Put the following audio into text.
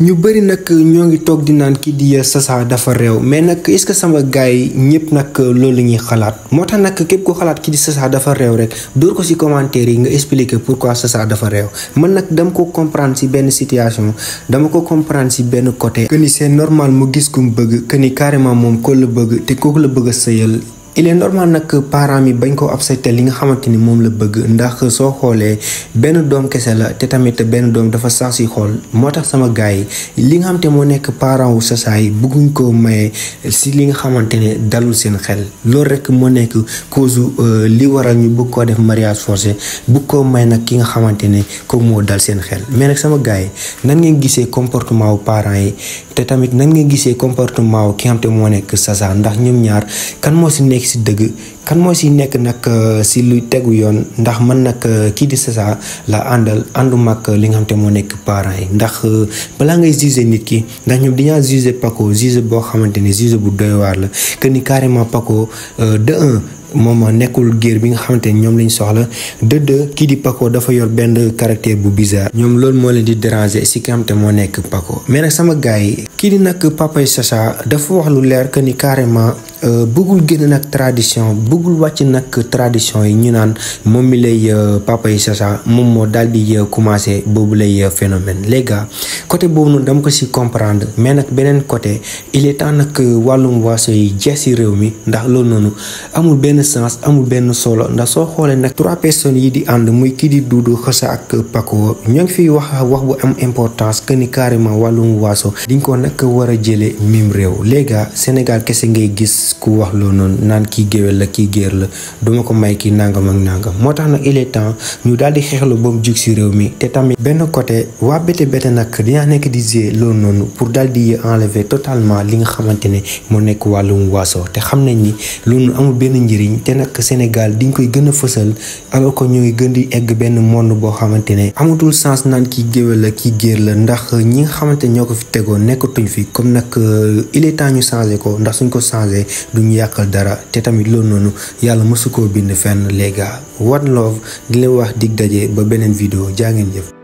ñu bëri nag ñoo ngi toog di naan kii di sasaa dafa réew mais nag est-ce que sama gars yi ñëpp nag loolu la ñuy xalaat moo tax nag képp ko xalaat kii di Sacha dafa réew rek dóor ko ci commentaire yi nga expliquer pourquoi Sacha dafa réew man nag dama ko comprendre si benn situation dama ko comprendre si benn côté que ni c'est normal mu gis ku mu bëgg que ni carrément moom ko la bëgg te kooku la bëgg a sëyal il est normal nag parent mi bañ koo accepté li nga xamante ni moom la bëgg ndax soo xoolee benn doom kese la te tamit benn doom dafa sax si xool moo tax sama gars yi li nga xamante moo nekk parent wu sasaay bëgguñ koo maye si li nga xamante ne dalul seen xel loolu rek moo nekk cause euh, li waral ñu bëgg koo def mariage forcé bëgg koo may nag ki nga xamante ne ko moo dal seen xel mais nag sama gars yi nan ngeen gisee comportement wu parents yi tamit nan nga gisee comportement wu ki nga xam te moo nekk Sacha ndax ñoom ñaar kan moo si nekk si dëgg kan moo si nekk nag euh, si lu tegu yoon ndax man nag euh, kii di Sacha la àndal àndu mag li nga xam te moo nekk parents yi ndax euh, balaa ngay juger nit ki ndax ñoom dañaa juger Paco juger boo xamante ne juger bu doy waar la que ni carrément Paco de moom nekkul géer bi nga xamante ne ñoom lañ soxla de kii di Paco dafa yor benn caractère bu bizarre ñoom loolu moo leen di déranger si nga xamante moo nekk Paco mais nag sama gars yi kii di nag Papaye Sacha dafa wax lu leer que ni carrément Euh, bugul génn nak tradition bugul wacc nak tradition yi ñu naan mom mi lay euh, papa yi sasa mom mo dal di euh, commencer bobu lay phénomène les gars côté bobu noonu dama ko ci comprendre mais nak benen côté il est temps nak walum waaso yi jeex rew mi ndax lool nonu amul ben sens amul ben solo ndax so xolé nak trois personnes yi di and muy ki di dudu xassa ak pako ñu ngi fi wax wax bu am importance que ni carrément walum waaso diñ ko nak wara jëlé mim rew les gars sénégal kessé ngay gis ku wax loo noonu naan kii géwél la kii géer la duma ko may kii nangam ak nangam moo tax nag il est temps ñu daal di xeexlu ba mu jug si réew mi te tamit benn côté waa bete bete nag dinaa nekk di gée noonu pour daal di enlever totalement li nga xamante ne moo nekk wàllum waaso te xam nañ ni loolu amul benn njëriñ te nag Sénégal diñ koy gën a fësal alors que ñooy gën di egg benn monde boo xamante ne amatul sens naan kii géwél la kii géer la ndax ñi nga xamante ñoo ko fi tegoon nekkatuñ fi comme nag euh, il est temps ñu ko ndax suñ ko changé duñu yàqal dara te tamit loolu noonu yàlla mësu koo bind fenn les gars one love di leen wax dig daje ba beneen vidéo jaa ngeen jëf